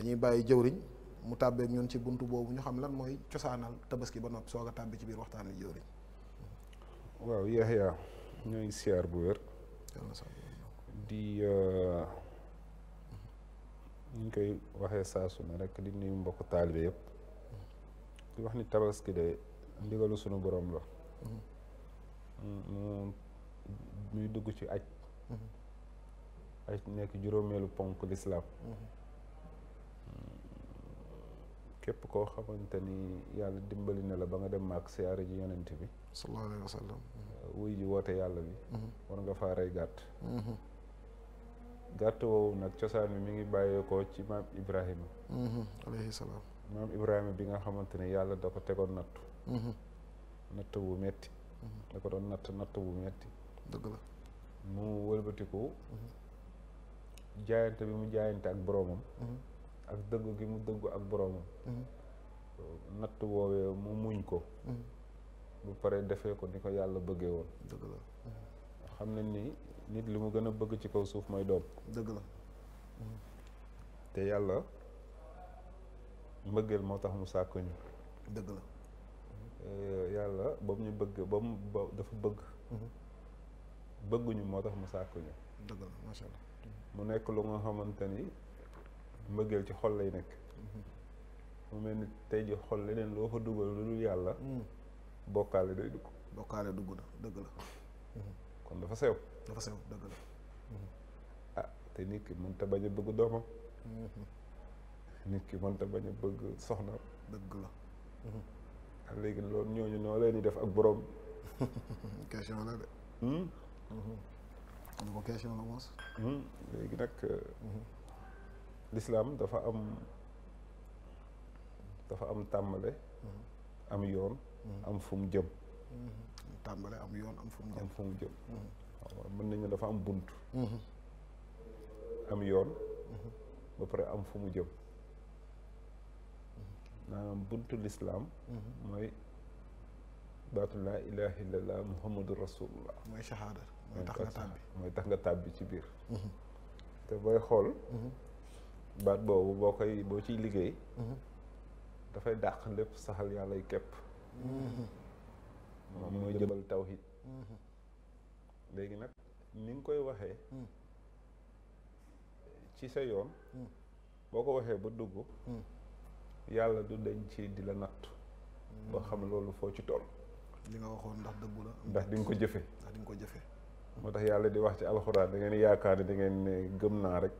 dañuy bàyyi jëwriñ mu tàbbeek ñun ci bunt boobu ñu xam lan mooy cosaanal tabaski ba noppi soog a tàbbi ci biir waxtaan wi jëwriñ waaw Yaxya ñoo ngi siyaar bu wér di euh, ñu koy waxee saa su ne rek di nuyu mbokk taalibe yëpp di wax ni tabaski de sunu borom la muy dugg ci aj mm-hmm. aj nekk juróomeelu ponk lislaam mm-hmm. képp koo xamante ni yàlla dimbali na la ba nga dem maak siyaare ji yonent bi sallallahu alayhi uh, ji woote yàlla bi mm-hmm. war nga faa rey gàtt mm-hmm. gàtt woowu nag cosaan bi mi ngi bàyyeekoo ci maam Ibrahima mm-hmm. maam Ibrahima bi nga xamante ne yàlla da ko tegoon nattu natt bu metti da ko doon natt natt bu metti dëgg la mu wëlbatiku jaayante bi mu jaayante ak boroomam ak dëggu gi mu dëggu ak boroomam mhm. natt woowee mu muñ ko mhm. bu paree defee ko ni ko yàlla bëggee woon dëgg la mhm. xam ne ni nit li mu gën a bëgg ci kaw suuf mooy doom dëgg la te yàlla mbëggeel moo tax mu sàkk dëgg la eh, yàlla ba mu bëgg bëgguñu moo tax mu sàkk allah mu nekk lu nga xamante ni mbëggeel ci xol lay nekk mm-hmm. mu mel ni tey ji xol leneen loo fa dugal lu dul yàlla mm. bokkaale day dugg bokkaale dugg na dëgg la mm-hmm. kon dafa sew dafa sew dëgg la mm-hmm. ah nit ki mënta bañ bëgg doomam nit ki mënta bañ bëgg soxna dëgg la ah, léegi loolu ñooñu noo leen di def ak borom question la de hmm? hmm? léegi nag euh, lislaam dafa am dafa am mm-hmm. mm-hmm. mm-hmm. tàmbale am yoon am fu mu jëm tàmbale am yoon am fu mu nañu dafa am bunt am yoon ba pare am fu mu jëm maanaam bunt lislaam mooy baatu laa ilaha illallah muhammadu rasulullah mooy shahaada mooy tax nga tàbbi mooy tax nga tàbbi ci biir te booy xool baat boobu boo koy boo ciy liggéey mhm. dafay dàq lépp saxal yàlla yàllay képp mhm. moom mooy jëmal tawhid mhm. léegi nag ni nga koy waxee ci sa yoon boo ko waxee ba dugg yàlla du deñ ci di la natt boo xam loolu foo ci toll li nga waxoon ndax dëggu la ndax di nga ko jëfe ndax di ko jëfe moo tax yàlla di wax ci alxuraan da ngeen yaakaar ne da ngeen gëm naa rek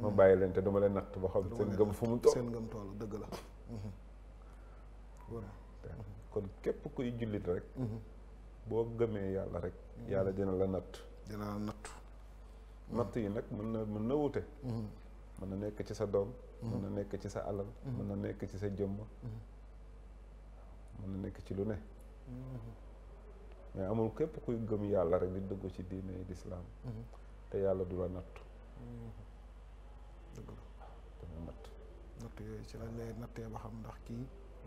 ma bàyyi leen te dama leen natt ba xam seen ngëm fu mu toll seen ngëm toll dëgg la voilà mhm. kon képp kuy jullit rek mhm. boo gëmee yàlla rek mhm. yàlla dina la natt dina la natt natt yi nag mën na mën na wute mën na nekk ci sa doom mën na nekk ci sa alal mën na nekk ci sa jëmm mën na nekk ci lu ne mais amul képp kuy gëm yàlla rek di dugg ci diine yi lislaam te yàlla du la natt dëgg la dama mat. natt yooyu ci lañ lay nattee ba xam ndax kii.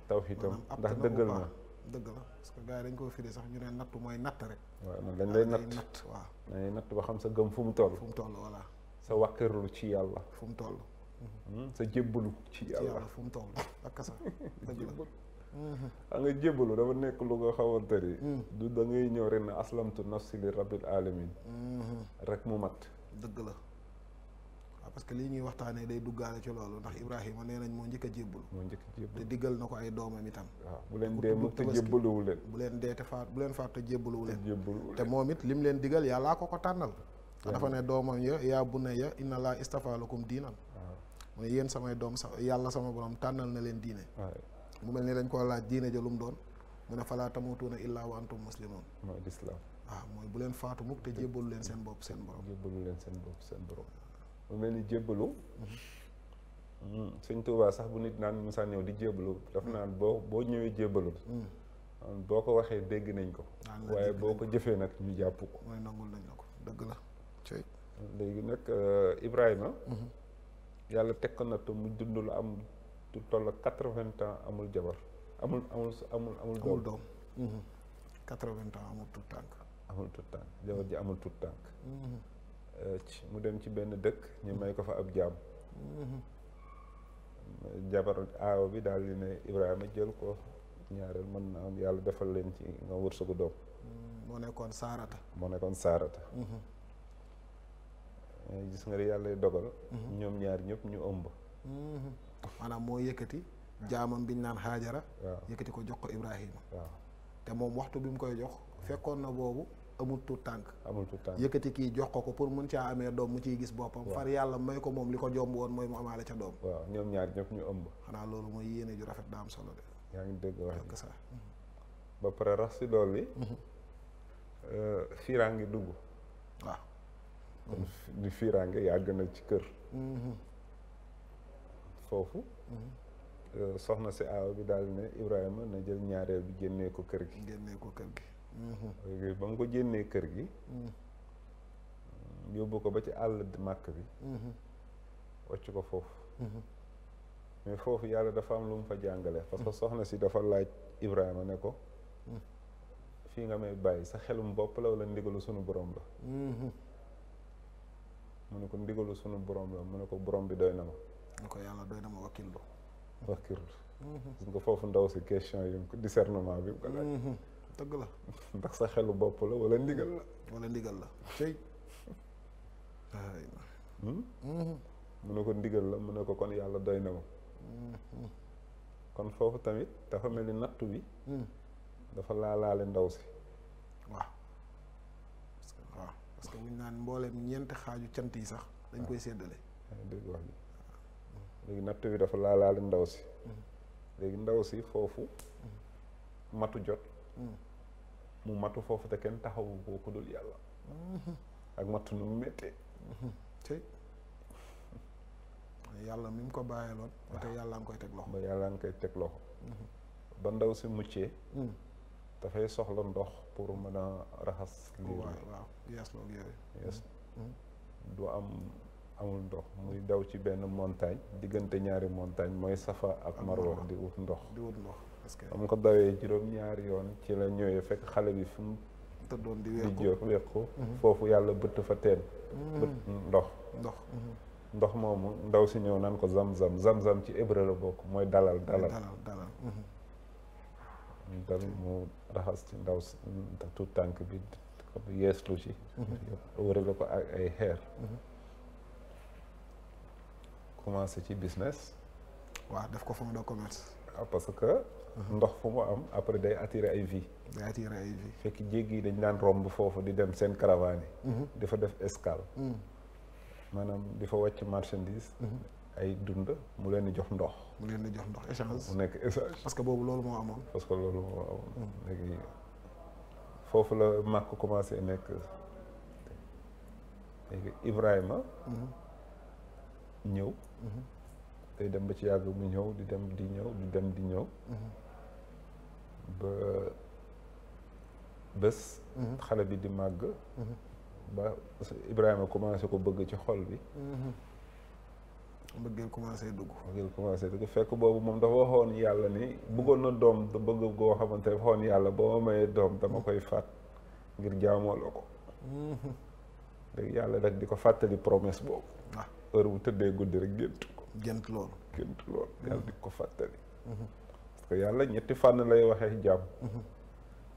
taw xiitam ndax dëggal na dëgg la parce que gars yi dañ koo firi sax ñu ne natt mooy natt rek. waaw dañ lay natt waaw dañ natt ba xam sa gëm fu mu toll. fu mu toll voilà. sa wàkkirlu ci yàlla. fu mu toll. Hmm, sa jébbalu ci yàlla fu mu toll ak kasa dëgg la. a hmm. ah, nga jébbalu dafa nekk lu nga xamante ni. Hmm. du da ngay ñëw rek ne aslamtu nafsi li rabbil rek mu mat. dëgg la. parce que lii ñuy waxtaanee day duggaale ci loolu ndax Ibrahima nee nañ moo njëkk a jébbalu. moo a jébbalu te diggal na ko ay doomam itam. waaw bu leen dee mukk te jébbaluwu bu leen dee te faat leen faat te leen. te moom it lim leen digal yàllaa ko ko tànnal. dafa ne doomam ya yaa bunayya inna laa istafaa lakum diinan. mu yéen samay doom sa yàlla sama borom tànnal na leen diine. mu mel ni dañ koo laaj diine ja lu mu doon mu ne falaa tamuutunna illaa wa antum muslimuun waaw ah, mooy bu leen faatu mukk te jébbalu leen seen bopp seen borom jébbalu leen seen bopp seen borom mu mel ni jébbalu sëñ Tuubaa sax bu nit naan musaa ñëw di jébbalu dafa mm. naan boo boo ñëwee jébbalu mm. boo ko waxee dégg nañ ko waaye boo ko jëfee nag ñu jàpp ko mooy nangul nañ la ko dëgg la léegi nag euh, Ibrahima mm-hmm. yàlla teg ko natt mu dund lu am toll ak quatre-vingts ans amul jabar amul amul amul amul doom doom mm-hmm. quatre-vingts ans amul tout tànk amul tout tànk jabar ji amul tout tànk mm-hmm. mu dem ci benn dëkk ñu may ko fa ab jaam jabar aaw bi daal di ne Ibrahima jël ko ñaareel mën na am yàlla defal leen ci nga wërsëgu doom mm-hmm. moo nekkoon saarata moo nekkoon saarata mm-hmm. eh, gis nga yàlla dogal mm-hmm. ñoom ñaar ñëpp ñu ëmb maanaam moo yëkkati jaamam biñ naan xaajara yëkkati ko jox ko Ibrahima waaw te moom waxtu bi mu koy jox fekkoon na boobu amul tout tànk amul tuut tànk yëkkati kii jox ko ko pour mën caa amee doom mu ciy gis boppam far yàlla may ko moom li ko jomb woon mooy mu amaale ca doom waaw ñoom ñaar ñëpp ñu ëmb xanaa loolu mooy yéene ju rafet daam solo de yaa ngi dëgg wax sax mhm. ba pare rax si dool li mhm. euh, fiiraa ngi dugg waaw kon di yàgg na ci kër mhm. foofu euh, soxna si aaw bi daal ne Ibrahima na jël ñaareel bi génnee ko kër gi génnee ko kër gi ba mu ko jénnee kër gi mm-hmm. yóbbu ko ba ci àll màkk bi mm-hmm. wàcc ko foofu mm-hmm. mais foofu yàlla dafa am lu mu fa jàngale parce que soxna si dafa laaj Ibrahima ne ko fii nga may bàyyi sa xelum bopp la wala ndigalu sunu borom la mu ne ko ndigalu sunu borom la mu ne ko borom bi doy na ma mu ko yàlla doy na ma wakkirlu wakkirlu parce que foofu ndaw si question yi ko discernement bi ko laaj tëgg la ndax sa xelu bopp la wala ndigal la wala ndigal la cëy hmm? hmm. mu ne ko ndigal la mu ne ko kon yàlla doy na ma hmm. kon foofu tamit dafa mel ni nattu bi dafa laalaale ndaw si waaw parce que waaw naan mbooleem ñeenti xaaju cant yi sax dañ koy séddale ah, ah, dégg nattu bi dafa laalaale ndaw si léegi ndaw si foofu matu jot Mm. mu matu foofu te kenn taxawu koo ku dul yàlla mm-hmm. ak matu nu mu méttee mm-hmm. tey yàlla mi mu ko bàyyiloon ba tey yàlla nga koy teg loxo ba yàlla nga koy teg loxo mm-hmm. ba ndaw si muccee mm. dafay soxla ndox pour mën a raxas lii waaw yees du am amul ndox muy daw ci benn montagne diggante ñaari montagne mooy Safa ak Marwa di wut ndox di wut ndox ba mu ko dawee juróom-ñaari yoon ci la ñëwee fekk xale bi fu mu tëddoon di wequ di wequ mhm. foofu yàlla bët fa teen mhm. bët ndox ndox mhm. ndox moomu ndaw si ñëw naan ko zam-zam zam ci hébreu la bokk mooy dalal dalal dal mu raxas ci ndaw si tout tànk bi yeeslu ci wëri la ko ay xeer commencé ci business waaw def ko fonds commerce ah, parce que Uh-huh. ndox fu mu am après day attirer ay vie day attirer ay vie fekk jéggi yi dañ daan romb foofu di dem seen caravane yi uh-huh. dafa def escale mm. maanaam di fa wàcc marchandise uh-huh. ay dund mu leen di jox ndox mu leen di jox ndox echange mu nekk échange parce que boobu loolu moo amoon parce que loolu moo amoon mm. léegi foofu la màkk commencé nekk léegi Ibrahima mm-hmm. ñëw mm-hmm. day dem ba ci yàgg mu ñëw di dem di ñëw di dem di ñëw mm-hmm. ba bés mm-hmm. xale bi di màgg mm-hmm. ba Ibrahima commencé ko bëgg ci xol bi bëggeel commencé dugg bëggeel commencé dugg fekk boobu moom dafa waxoon yàlla ni bëggoon na doom da bëgg goo xamante ne waxoon yàlla boo ma mayee doom dama koy faat ngir jaamooloo ko léegi yàlla rek di ko fàttali promesse boobu ah. heure bu tëddee guddi rek géntu gént loolu gént loolu yàlla ko fàttali mhm. parce que yàlla ñetti fànn lay waxee jàmm mhm.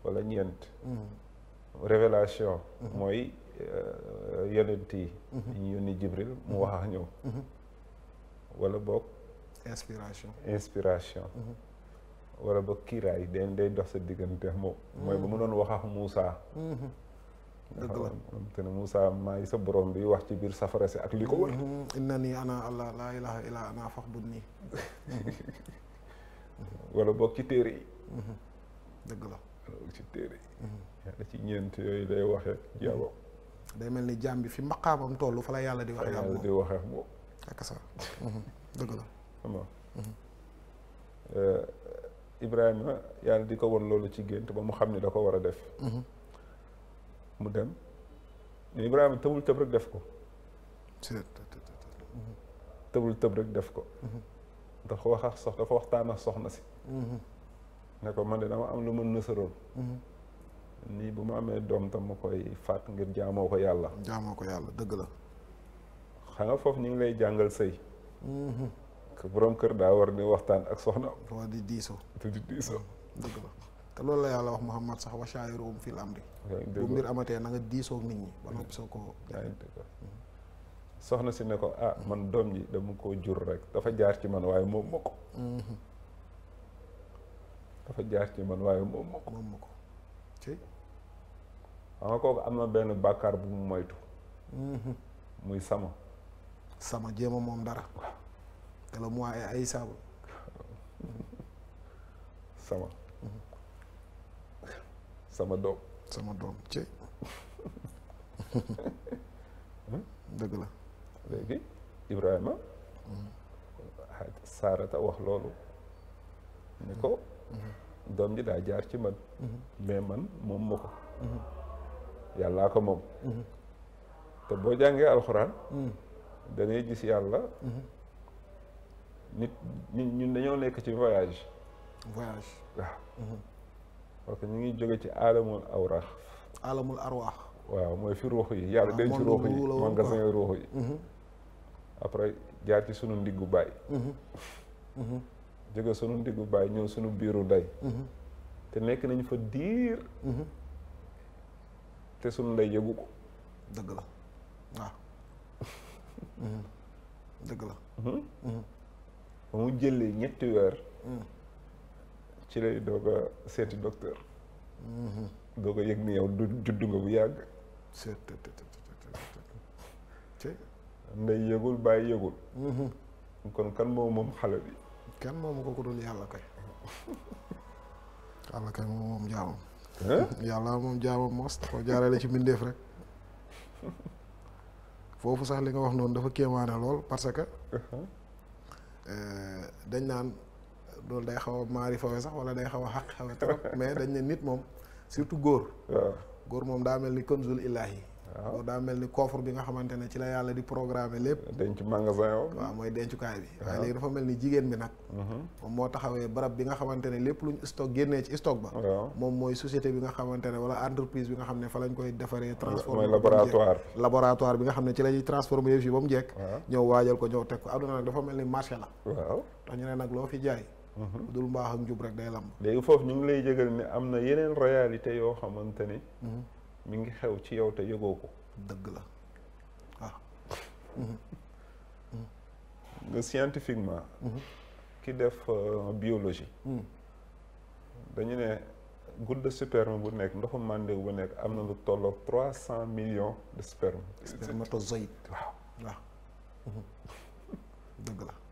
wala ñeent mhm. révélation mooy euh, yonent yi ñu yónni Jibril mu wax ak ñëw wala boog inspiration walla wala boog kiiraay den day dox sa diggante moom mooy ba mu doon wax ak dëgg la te ne sa borom bi wax ci biir safara si ak li ko wër. Mm-hmm. inna nii ana allah laa ilaha illa ana fax bu nii. wala boog ci téere yi. Mm-hmm. dëgg la wala ci téere yi. Mm-hmm. yàlla ci ñeent yooyu lay waxee jaabam. day mel ni jaam bi fi maqaamam toll fa la yàlla di waxee. yàlla di waxee ak moom. dëgg la. Eh, Ibrahima yàlla di ko won loolu ci gént ba mu xam ni da ko war a def. mu dem Ibrahima tëbul tëb rek def ko tëbul tëb rek def ko dafa wax sox dafa waxtaan ak soxna si ne ko man de dama am lu ma nësaroon nii bu ma amee doom tam ma koy faat ngir jaamoo ko yàlla jaamoo ko yàlla dëgg la xam nga foofu ñu ngi lay jàngal sëy que mhm. borom kër daa war di waxtaan ak soxna war di diisoo di diisoo mhm. dëgg la te loolu la yàlla wax Muhammad sax wa shaa'iruhum fil amri bu mbir amatee na nga diisoo nit ñi ba noppi soo ko soxna si ne ko ah man doom ji dama koo jur rek dafa jaar ci man waaye moom ma ko mhm. jaar ci man waaye moom ma ko moom ma ko xam nga kooku am na benn bàkkaar bu mu moytu mhm. muy sama sama jéema moom dara te la mu ay ay saabu sama mhm. sama doom sama doom ci dëgg la léegi Ibrahima Saarata wax loolu ni ko doom ji daa jaar ci man mais man moom ma ko yàllaa ko moom te boo jàngee alxuraan danay gis yàlla nit ñun dañoo nekk ci voyage voyage waaw parce que ñu ngi jóge ci aalamul awraax. aalamul arwaax. waaw mooy fi ruux yi yàlla ah, denc ruux yi magasin ruux yi. Mhm. après jaar ci sunu ndiggu baay. Mhm. Mhm. jóge sunu ndiggu baay ñëw sunu biiru ndey. te nekk nañ fa diir. te sunu ndey yëgu ko. dëgg la waaw. dëgg la. ba mu jëlee ñetti weer. ci lay doog a seeti docteur. Mhm. doog a yëg ni yow du juddu nga bu yàgg. ndey yëgul bàyyi yëgul. Mhm. kon kan moom xale bi. kenn moom ko ko dul yàlla kay. yàlla kay moom moom jaamam. yàlla moom jaamam mos koo jaarale ci mbindeef rek. foofu sax li nga wax noonu dafa kéemaane lool parce que. Uh-huh. Eh, dañ naan. loolu day xaw a maari fawe sax wala day xaw a xaq xawe trop mais dañ ne nit moom surtout góor góor moom daa mel ni konzul illaahi waaw daa mel ni coffre bi nga xamante ne ci la yàlla di programmer lépp denc magasin o mooy dencukaay bi dafa mel ni jigéen bi nag mhm. moom moo taxawee barab bi nga xamante ne lépp lu ñu stock génnee ci stock ba moom mooy société bi nga xamante ne wala entreprise bi nga xam ne fa lañ koy defaree transformer laboratoire laboratoire bi nga xam ne ci la ñuy transformer yëf yi ba mu jekk ñëw waajal ko ñëw teg ko adduna nag dafa mel ni marché la waaw tax ne nag loo fi jaay dul mbaax ak njub rek day lamb léegi foofu ñu ngi lay jégal ni am na yeneen réalité yoo xamante ni mhm. ngi xew ci yow te yëgoo ko dëgg la waaw ah. mhm. mhm. nga scientifiquement ki def euh, biologie dañu ne goutte de sperme bu nekk ndoxu màndew bu nekk am na lu tollook trois cent millions de sperme spermatozoïde waaw waaw ah. dëgg la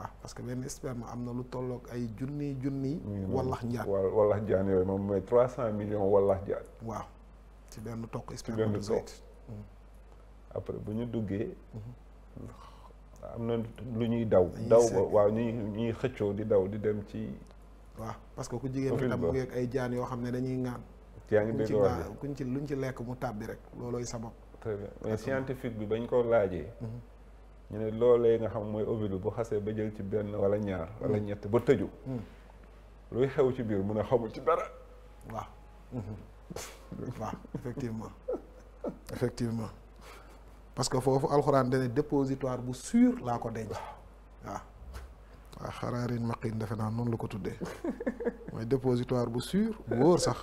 waaw ah, parce que benn sperme am na lu tollook ay junniy junni mm-hmm. wallax njaan yooyu moom mooy trois cent millions wallax njaan. waaw ci benn tokk spermatozoïde mm-hmm. après bu ñu duggee. Mm-hmm. am na lu ñuy daw. daw ba waaw ñuy ñuy xëccoo di daw di dem ci. waaw parce que ku jigéen bi tam mu ngeeg ay jaan yoo xam ne dañuy ŋaan. yaa ngi dégg wax kuñ ci luñ ci lekk mu tàbbi rek loolooy sabab. très bien scientifique bi bañ koo laajee. ñu ne loolee nga xam mooy ovule bi bu xasee ba jël ci benn wala ñaar wala mm. ñett ba tëju mm. luy xew ci biir mun a xamul ci dara waaw waaw effectivement effectivement parce que foofu alxuraan dana dépositoire bu sûr laa ko denc waa waaw xaraarin maqin defe naa noonu lu ko tuddee mooy dépositoire bu sûr bu wóor sax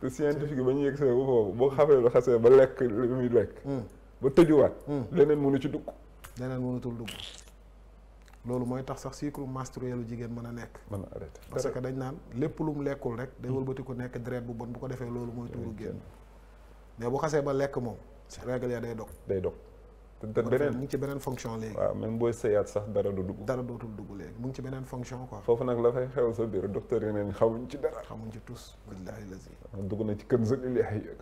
te scientifique ba ñu yegg see bu foofu boo xamee lu xasee ba lekk lu muy lekk mm. ba tëjuwaat leneen mënu ci dugg leneen mënatul dugg loolu mooy tax sax cycle menstruel lu jigéen mën a nekk. mën a parce que dañ naan lépp lu mu lekkul rek. day wëlbati ko nekk deret bu bon bu ko defee loolu mooy tuuru génn. mais bu xasee ba lekk moom. règle ya day dog. day dog te beneen mu ngi ci beneen fonction léegi. waaw même booy sëyaat sax dara du dugg. dara dootul dugg léegi mu ngi ci beneen fonction quoi. foofu nag la fay xew sa biir docteur yi neen xamuñ ci dara. xamuñ ci tous. billaahi lazi. dugg na ci kën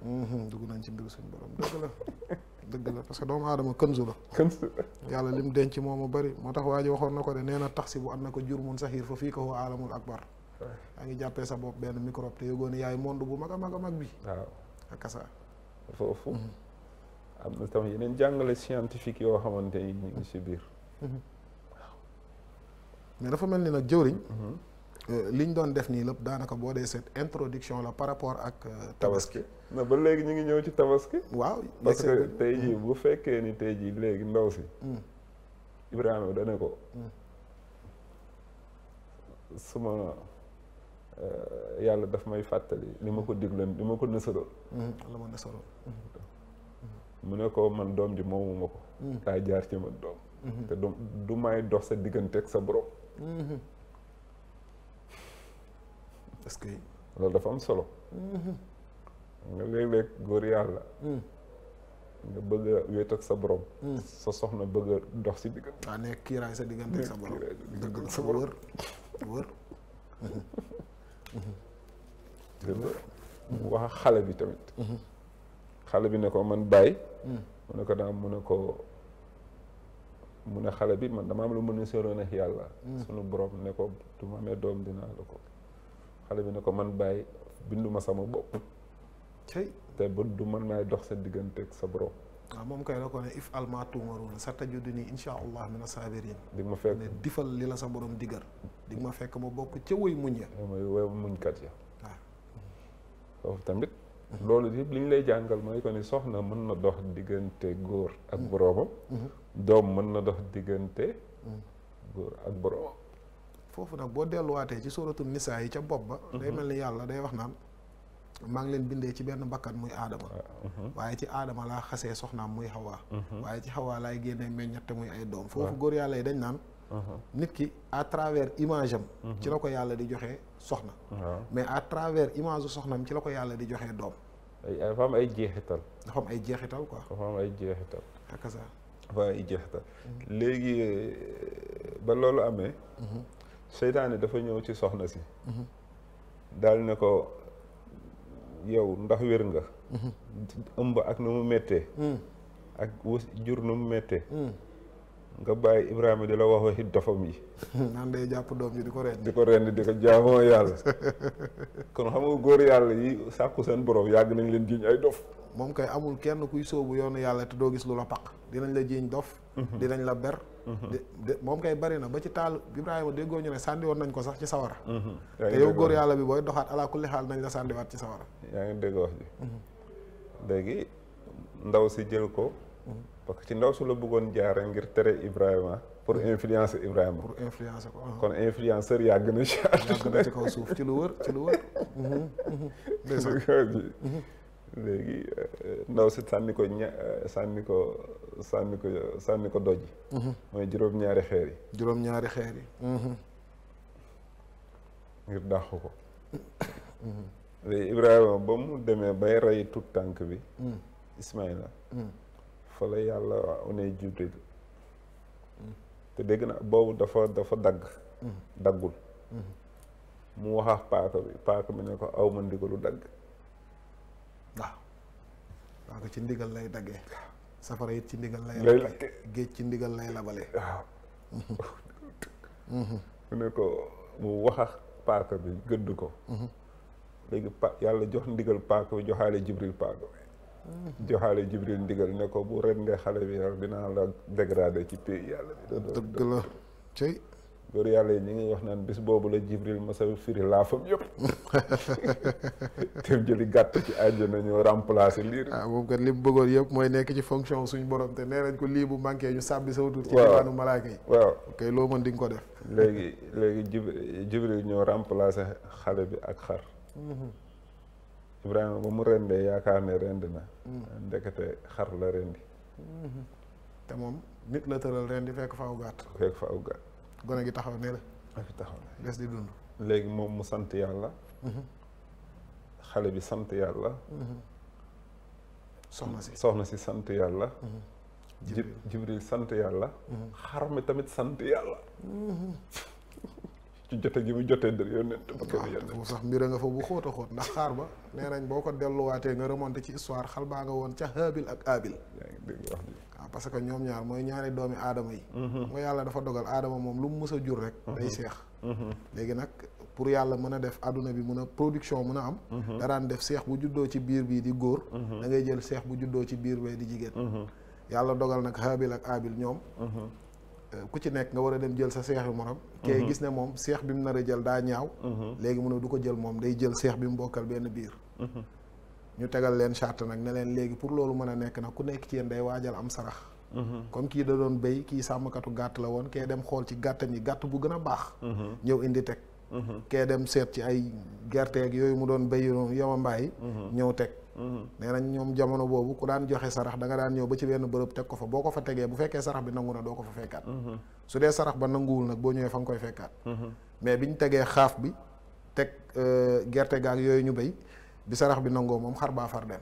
mhm, dugg nañ ci mbiru suñu borom dëgg la parce que doomu aadama kënsu la kënsu yàlla lim denc moom a bëri moo tax waa waxoon na ko de nee tax si bu am na ko jur mun saxiir fa fii ko huwa alamul akbar yaa ngi jàppee sa bopp benn microbe te yëgoon yaay monde bu mag a mag a mag bi waaw ak kasa foofu mhm. am na tam yeneen jàngale scientifique yoo xamante ni ñu si biir waaw mhm. mais dafa mel ni nag jëwriñ mhm. Euh, li ñu doon def nii lépp daanaka boo dee seet introduction la par rapport ak. Euh, tabaski na ba léegi ñu ngi ñëw ci tabaski. waaw parce que tey jii mm. bu fekkee ni tey jii léegi ndaw si. Mm. Ibrahima da ne ko. Mm. suma euh, yàlla daf may fàttali li ma ko digloon li ma ko nësaloon. la ma nësaloon. mu ne ko man doom ji moomu ma ko. kaa jaar ci man doom. Mm-hmm. te du du may dox sa diggante ak sa borom. Mm-hmm. est-ce que loolu dafa am solo. Mm-hmm. nga léeg-léeg góor yàlla. Mm. nga bëgg a sa borom. Mm. sa soxna bëgg a dox si diggante. sa diggante ak sa wax xale bi tamit. Mm-hmm. xale bi ne ko man bàyyi. Mm. mu ne ko daam mu ne ko mu ne xale bi man dama am lu mun ne soroon ak yàlla. sunu borom ne ko du ma amee doom dinaa la ko. xale bi ne ko man bàyyi binduma sama bopp te ba du man naay dox sa diggante ak sa borom waaw ah, moom kay la ko ne if alma tuumaruuna sa tajudu nii insha allah mina saabiriin di ma fekk ne difal li la sa borom digal di ma fekk ma bokk ca woy muñ ya mooy woy muñkat ya waaw ah. tamit loolu yëpp li ñu lay jàngal mooy ko ni soxna mën na dox diggante góor ak mm. boroomam mm-hmm. doom mën na dox diggante mm. góor ak boroomam foofu nag boo delluwaatee ci sóoratu nisaa yi ca bopp ba mhm. day mel ni yàlla day wax naan maa ngi leen bindee ci benn bakkan muy aadama ah, mhm. waaye ci aadama laa xasee soxnaam muy xawaa mhm. waaye ci xawaa laay génnee meññat te muy ay doom foofu ah. góor yàlla yi dañ naan nit ki à travers image am ci la ko yàlla di joxe soxna ah. mais à travers image soxnaam ci la ko yàlla di joxe doom dafa am ay jeexital dafa ay jeexital quoi ay jeexital ak ça dafa am ay jeexital léegi ba loolu amee seytaane dafa ñëw ci soxna si daal ne ko yow ndax wér nga mm-hmm. ëmb ak nu mu méttee mm. ak wës jur nu mu méttee mm. nga bàyyi Ibrahima di la wax waxi dofam yi. naan day jàpp doom yi di ko rendi. di ko rendi di jaamoo yàlla. kon xam nga góor yàlla yi sàkku seen borom yàgg nañ leen jiiñ ay dof. moom kay amul kenn kuy sóobu yoonu yàlla te doo gis lu la paq dinañ la jiiñ dof. Mhm. dinañ la ber. Mhm. de moom kay bari na ba ci taal Ibrahima déggoo ñu ne sànni woon nañ ko sax ci sawara. Mhm. te yow góor yàlla bi booy doxaat ala kulli xaal nañ la sànniwaat ci sawara. yaa ngi dégg wax ji. léegi ndaw si jël ko. parce que ci ndaw su la bëggoon jaare ngir tere Ibrahima pour influencer Ibrahima. pour influencer ko kon influenceur yàgg na ci kaw suuf ci lu wër ci lu wër. Mhm, mhm. léegi euh, ndaw si sànni ko ña euh, sànni ko sànni ko sànni ko doj. Mhm. mooy juróom-ñaari xeer yi. juróom-ñaari xeer yi. ngir dàq ko. léegi Ibrahima ba mu demee ba rey tut tànk bi. Mm. Ismaïla. Mm. fa la yàlla onee jibril te dégg na boobu dafa dafa dagg daggul mu waxaax paaka bi paaka bi ne ko aw ma ndigalu dagg waaw paaka ci ndigal lay daggee safara it ci ndigal lay lakke géej ci ndigal lay labale waaw mhm. mu ne ko mu waxax paaka bi gëdd ko mhm. léegi pa yàlla jox ndigal paaka bi joxaale jibril paaka bi joxaale Jibril ndigal ne ko bu ren nga xale bi yar dinaa la dégradé ci pays yàlla bi dëgg la cey góor yàlla yi ñu ngi wax naan bis boobu la Jibril masa firi laafam yëpp te jëli gàtt ci àjjana ñoo remplacer lii ah moom kat li mu bëggoon yëpp mooy nekk ci fonction suñu borom te nee nañ ko lii bu manqué ñu sàbbi sawtut ci diwaanu malaaka yi waaw ok loo mën di nga ko def léegi léegi Jibril Jibril ñoo remplacer xale bi ak xar mhm. Ibrahima ba mu rendee yaakaar ne rend na mm. ndekete xar la rendi mm-hmm. te moom nit la tëral rendi fekk fa aw gàtt fekk fa aw gàtt gone gi taxaw ne la léegi moom mu sant yàlla mm-hmm. xale bi sant yàlla mm-hmm. soxna si soxna si sant yàlla jibril sant yàlla xar mi tamit sant yàlla ci jote gi mu jotee dër yonent ba kenn ah, yonent sax mbir a nga fa bu xóot a xóot ndax xaar ba nee nañ boo ko delluwaatee nga remonté ci histoire xal baa nga woon ca Haabil ak Aabil waaw ah, parce que ñoom ñaar mooy ñaari doomi aadama yi mooy mhm. yàlla dafa dogal aadama moom lu mu mës a jur rek mhm. day seex mhm. léegi nag pour yàlla mën a def àdduna bi mun a production mun a am da daan def seex bu juddoo ci biir bii di góor da ngay jël seex bu juddoo ci biir bee di jigéen yàlla dogal nag Haabil ak Aabil ñoom ku ci nekk nga war a dem jël sa seex bi morom kee mhm. gis ne moom seex bi mu nar a jël daa ñaaw mhm. léegi mu ne du ko jël moom day jël seex bi mu bokkal benn biir mhm. ñu tegal leen charte nag ne leen léegi pour loolu mën a nekk na ku nekk ci yéen day waajal am sarax comme kii da doon béy kii sàmmkatu gàtt la woon kee dem xool ci gàttan yi gàtt bu gën a baax ñëw indi teg kee dem seet ci ay gerte gerteeg yooyu mu doon béy yow yama mbaay ñëw teg nee nañ ñoom jamono boobu ku daan joxe sarax da nga daan ñëw ba ci benn bërëb teg ko fa boo ko fa tegee bu fekkee sarax bi nangu na doo ko fa fekkaat mhm. su dee sarax ba nanguwul nag boo ñëwee fa nga koy fekkaat mhm. mais biñ tegee xaaf bi teg euh, gerte gaa yooyu ñu bay bi sarax bi nangoo moom xar baa far dem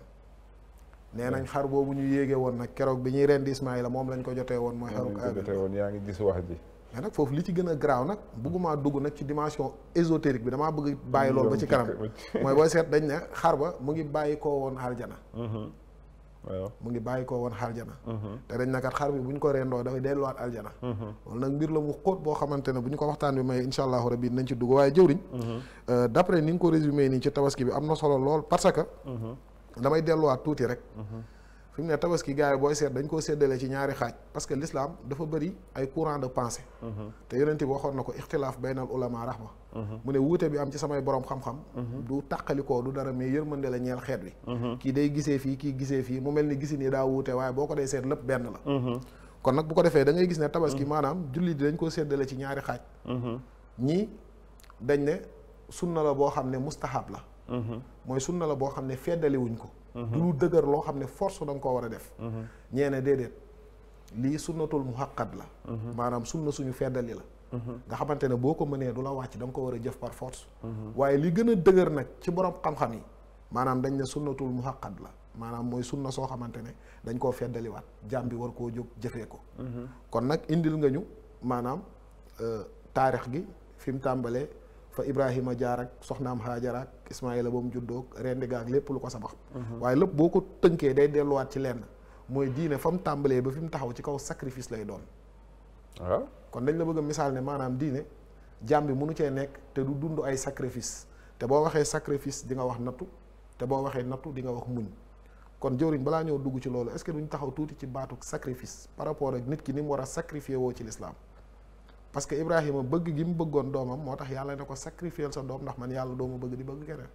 nee nañ mm. xar boobu ñu yéege woon nag keroog bi ñuy rendi Ismaïla moom lañ ko jotee woon mooy xaru yaa ngi gis wax ji mais foofu li ci gën a garaaw nag bëggumaa dugg nag ci dimension ésotérique bi damaa bëgg bàyyi loolu ba ci kanam mooy booy seet dañ ne xar ba mu ngi bàyyi koo woon xarjana mm-hmm. waaw mu ngi bàyyi koo woon xarjana mm-hmm. te dañ nakat xar bi bu ñu ko rendoo dafay delluwaat aljana mm-hmm. loolu nag mbir la mu xóot boo xamante ne bu ñu ko waxtaan bi may insha allahu rabi nañ ci dugg waaye jëwriñ euh, d'après ni nga ko résumé nii ci tabaski bi am na solo lool parce que damay delluwaat tuuti rek fi ne tabaski gars yi booy seet dañ koo séddale ci ñaari xaaj parce que l'islam dafa bëri ay courant de pensée mhm. te yonent bi waxoon na ko ixtilaaf baynal ulama rahma mhm. bi am ci samay borom xam-xam mhm. du tàqalikoo du dara mais yërmande la ñeel xeet wi kii day gisee fii kii gisee fii mu mel ni gisi nii daa wuute waaye boo ko dee seet lépp benn la kon nag bu ko defee da ngay gis ne tabaski maanaam julli di dañ koo séddale ci ñaari xaaj ñii dañ ne sunna la boo xam ne mustahab la mooy sunna la boo xam ne feddaliwuñ ko du lu dëgër loo xam ne force da ko koo war a def ñee ne déedéet lii sunnatul muhaqqat la maanaam sunna suñu feddali la nga xamante ne boo ko mënee du la wàcc da ko war a jëf par force waaye li gën a dëgër nag ci borom xam-xam yi maanaam dañ ne sunnatul muhaqqat la maanaam mooy sunna soo xamante ne dañ koo feddaliwaat jàmm bi war koo jóg jëfee ko kon nag indil nga ñu maanaam euh, taarix gi fi mu tàmbalee fa Ibrahima jaar ak soxnaam Haajara ak Ismaayila ba mu juddoo rendi gaak lépp lu ko sabax mhm. waaye lépp boo ko tënkee day delluwaat ci lenn mooy diine fa mu tàmbalee ba fi mu taxaw ci kaw sacrifice lay doon kon dañ la bëgg a misaal ne maanaam diine jàmm bi mënu cee nekk te du dund ay sacrifice te boo waxee sacrifice di nga wax nattu te boo waxee nattu di nga wax muñ kon jëwriñ balaa ñëw dugg ci loolu est-ce que duñ taxaw tuuti ci baatu sacrifice par rapport ak nit ki ni mu war a sacrifier woo ci lislaam parce que Ibrahima bëgg gi mu bëggoon doomam moo tax yàlla ne ko sacrifier sa doom ndax man yàlla doo ma bëgg di bëgg keneen